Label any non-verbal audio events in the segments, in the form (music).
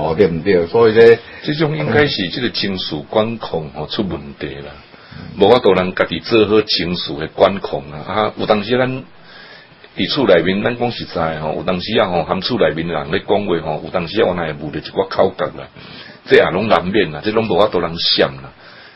哦，咁對，嗯。所以咧，這個，呢種應該是呢個情緒管控吼出問題啦，無法度人家己做好情緒嘅管控啊，啊有當時咱佇厝內面，咱講實在，有當時吼，含面人話有當時有啊，吼含厝內面人咧講話吼，有當時啊，原來係無咗一啲口角啦，即也攏難免啊，即攏無法度人想啦。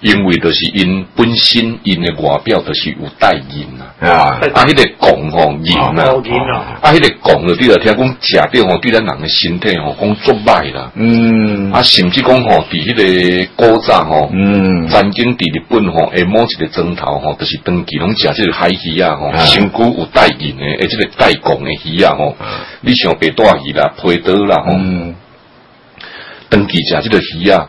因為都是因本身，因的外表都是有帶銀啊，迄個公，啊，迄個公！啊，迄個公，佢哋吼吼銀啊，啊，佢哋降就啲就聽講食着吼，對咱人的身體吼講足壞啦。嗯。啊，啊，甚至講吼佇迄個古早吼，嗯，曾經佇日本吼，誒，某一個莊頭吼都是長期攏食，即個海魚啊，吼身軀有帶銀的，誒，即個帶汞的魚啊，吼，你像白帶魚啦，皮刀啦，哦。長期食即個魚啊。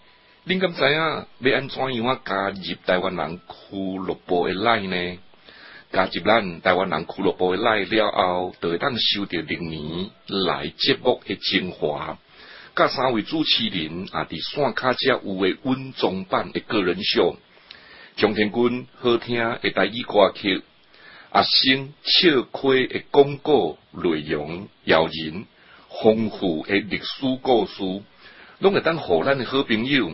恁敢知影，要按怎樣啊？加入台灣人俱樂部的內呢？加入咱台灣人俱樂部的內了後，就會當收到歷年來節目嘅精華。甲三位主持人啊佇線卡只有嘅穩重版嘅個人秀，蔣天軍好聽嘅台語歌曲，阿、啊、星笑開嘅廣告內容、謠言、豐富嘅歷史故事，攏會當好咱嘅好朋友。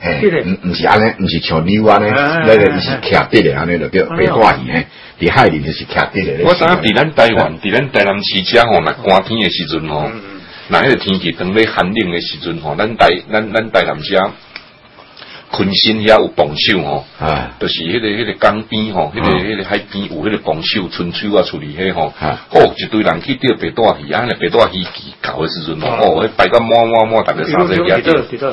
哎，唔唔是安尼，唔、嗯、是，是像你安尼，那、哎、個是徛佇咧安尼，就叫貝多爾呢。佇海裏、哎、海就是徛佇咧呢。我知影，佇咱台灣，佇咱台南市遮吼，那寒天的時陣吼，嗯嗯那一個天氣當你寒冷的時陣吼，咱台咱咱台南遮，鯤鯓也有放收吼，就是迄、那個迄、那個江邊吼，迄個迄個海邊有迄個放收春秋啊，處理起吼，哦一堆人去釣白帶魚，啊那白帶魚起球的時陣吼，哦，一大，大家摸摸摸，大概三隻幾隻。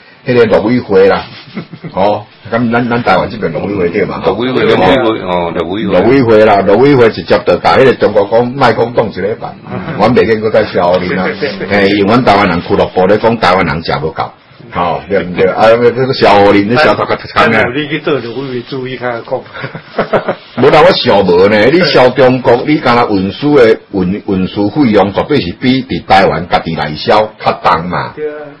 迄個陸委會啦，哦，咁咱咱台灣呢邊陸委會啲嘅嘛，陸委會，哦，陸委會啦，陸委會直接到大迄個中國講賣供當就嚟辦，阮未見過在小學林啊，誒，阮台灣人俱樂部咧講台灣人食唔夠。嚇對，毋對，啊，咩叫做小學林？你小學你去到就會會注意下講無，諗 (laughs) 我小無呢？你小中國，你敢若運輸誒，運運輸費用絕對是比佇台灣家己來銷較重嘛。對啊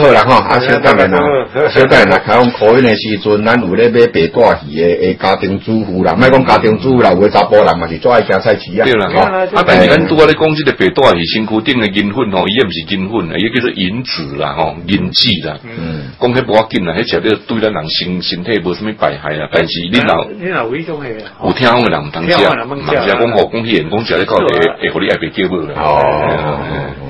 好啦吼，啊，小等一下啦，小等一下啦，開講可以的時陣，咱有在買白帶魚的，誒，家庭主婦啦，賣講家庭主婦啦，有誒查甫人嘛是最愛吃菜籽啊。對啦，哈。啊，但是講多咧，講起咧白帶魚，身軀頂的銀粉吼，伊又唔是銀粉啊，伊叫做銀子啦，吼，銀子啦。嗯。講起無要緊啦，迄只咧對咱人身身體無什麼弊害啊，但是你老你老有種係啦，有聽的人毋通食，毋通食講好講偏，講只咧講白，誒，可能愛白叫布啦。哦。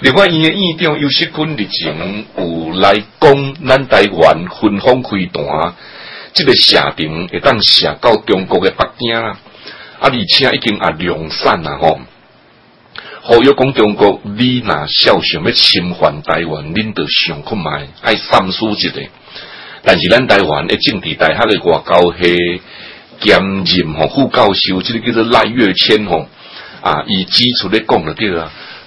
另外，伊嘅院長有些昆日前有來講咱台灣分封開端，即、這個市場會當射到中國嘅北京啊，而且已經啊量產啊。吼，呼籲講中國，你那少想看看要侵犯台灣，恁著想看覓，愛三思一下。但是咱台灣嘅政治大學嘅外交系兼任吼副教授，即、這個叫做賴岳謙吼，啊，伊指出咧講就對啦。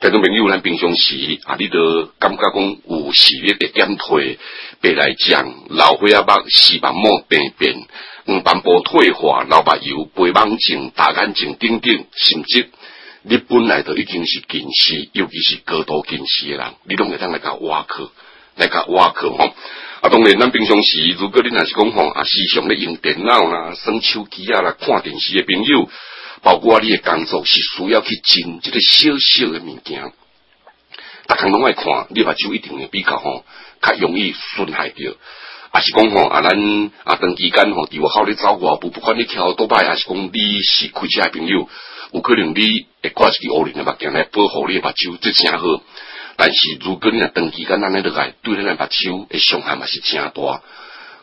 聽眾朋友咱平常時啊，你都感覺講有視力的減退，白內障，老花眼，視網膜病變，黃、嗯、斑部退化，老白油，白網症、大眼睛、等等。甚至你本來就已經是近視，尤其是高度近視嘅人，你攏會通來搞外去，來搞外去吼。啊，當然，咱平常時，如果你若是講吼啊，時常咧用電腦啦、耍手機啊、啦，看電視嘅朋友。包括你嘅工作是需要去爭這個小小嘅物件，大家攏愛看，你目睭一定會比較吼，較容易損害着，也是講吼，啊咱啊長期間吼，佇外口咧走步，不不管你跳倒擺，也是講你是開車嘅朋友，有可能你會掛起烏林嘅目鏡來保護你嘅目睭，即誠好。但是如果你啊長期間，咱咧落來對咱嘅目睭嘅傷害嘛是誠大。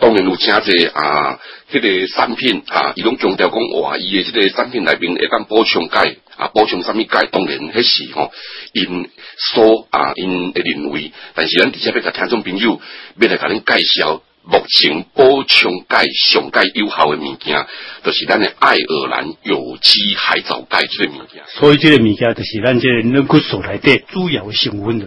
當然有其他啊，佢、那個產品啊，伊攏強調講哇，伊嘅呢個產品裏面會當補充鈣啊補充什麼鈣。當然係事吼。因所啊，因嘅認為，但是咱啲即刻聽眾朋友，要來同你介紹目前補充鈣上佳有效嘅物件，就是咱嘅愛爾蘭有機海藻鈣呢個物件。所以呢個物件，就是咱即個軟骨素裏面的主要成分就